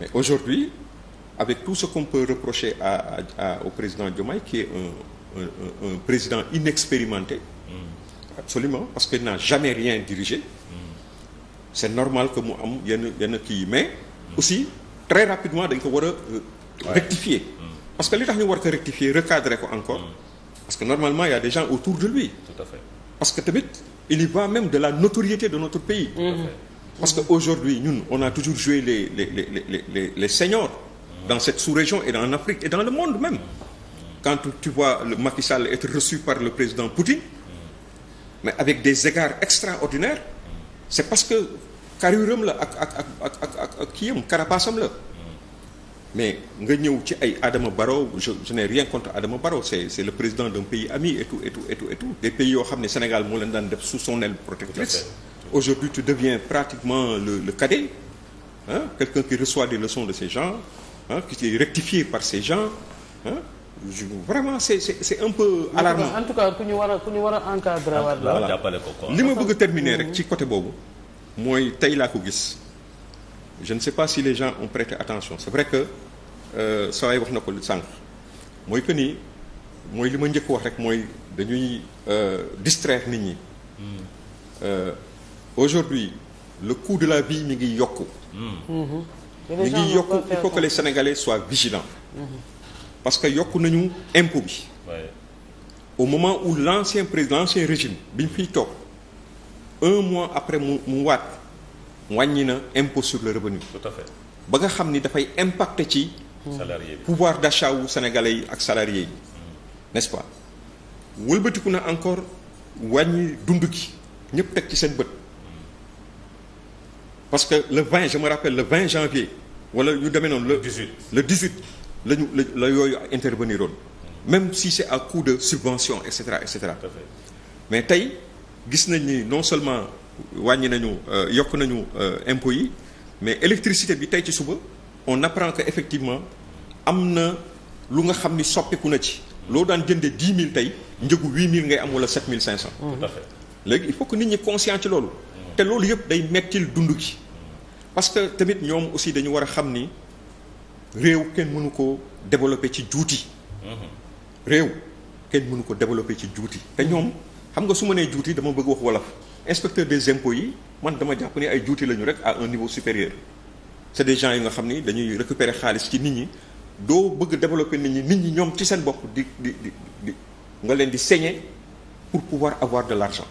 mais aujourd'hui avec tout ce qu'on peut reprocher à, à, à au président Diomaye qui est un, un, un président inexpérimenté mm. absolument parce qu'il n'a jamais rien dirigé mm. c'est normal que mu am yenn yenn kii mais mm. aussi très rapidement dañ ko war a euh, rectifier mm. parce que li tax ñu war ko rectifier recadrer ko encore parce que normalement il y a des gens autour de lui parce que tamit il y va même de la notoriété de notre pays parce que aujourd'hui ñun on a toujours joué les les les les les les dans cette sous-région et en Afrique et dans le monde même quand tu vois le Macky être reçu par le président Poutine mais avec des égards extraordinaires c'est parce que carrure la ak ak ak ak ak kii am la mais nga ñëw ci ay Adama Barrow je je n'ai rien contre Adama Barrow c'est c'est le président d'un pays ami et tout et tout des pays yoo xam ne Sénégal moo leen daan def sous son aile protectrice aujourd'hui tu deviens pratiquement le, le cadet, hein, quelqu'un qui reçoit des leçons de ces gens, hein, qui est rectifié par ces gens. Hein. Je, vraiment c'est un peu alarmant. tout cas ku ñu war a war a encadrer li ma bëgg a terminer mm-hmm. ci côté boobu mooy tey laa ko gis je ne sais pas si les gens ont prêté attention c'est vrai que euh, saa wax na ko sànq mooy que ni mooy li ma njëkk wax rek mooy dañuy euh, distraire nit ñi. Mm. Euh, aujourd'hui le coût de la vie mi ngi yokku mm-hmm. mi ngi yokku il faut que les Sénégalais soient mm-hmm. parce que yokku nañu impôt bi au moment où l'ancien président l'ancien régime bi ñu fiy toog un mois après mu mu waat wàññi na impôt sur le revenu ba nga xam ni dafay impacte ci mm-hmm. pouvoir d'achat wu sénégalais yi ak salariés yi n'est-ce pas wëlbatiku na encore wàññi dund gi ñëpp teg ci seen bët parce que le 20 je me rappelle le 20 janvier wala ñu demee noonu. le 18 le 18 la ñu la yooyu intervenir woon même si c'est à coup de subvention et cetera et cetera. mais tey gis nañ ni non seulement wàññi nañu euh, yokk nañu euh, impôts yi mais électricité bi tey ci suba on apprend que effectivement am na lu nga xam ni soppiku na ci. loo daan jëndee 10 000 tey njëgu 8 000 ngay am wala 7 500. tout à fait léegi il faut que nit ñi conscient ci loolu. Mm. te loolu yëpp day mettil dund gi parce que tamit ñoom aussi dañu war a xam ni réew kenn mënu ko développer ci juuti. réew kenn mënu ko développer ci juuti te ñoom xam nga su ma nee juuti dama bëgg wax wolof inspecteur de impôts yi man dama jàpp ni ay juuti lañu rek à un niveau supérieur c'est des gens yi nga xam ni dañuy récupérer xaalis ci nit ñi doo bëgg développer nit ñi nit ñi ñoom ci seen bopp di di di nga leen di señe pour pouvoir avoir de l'argent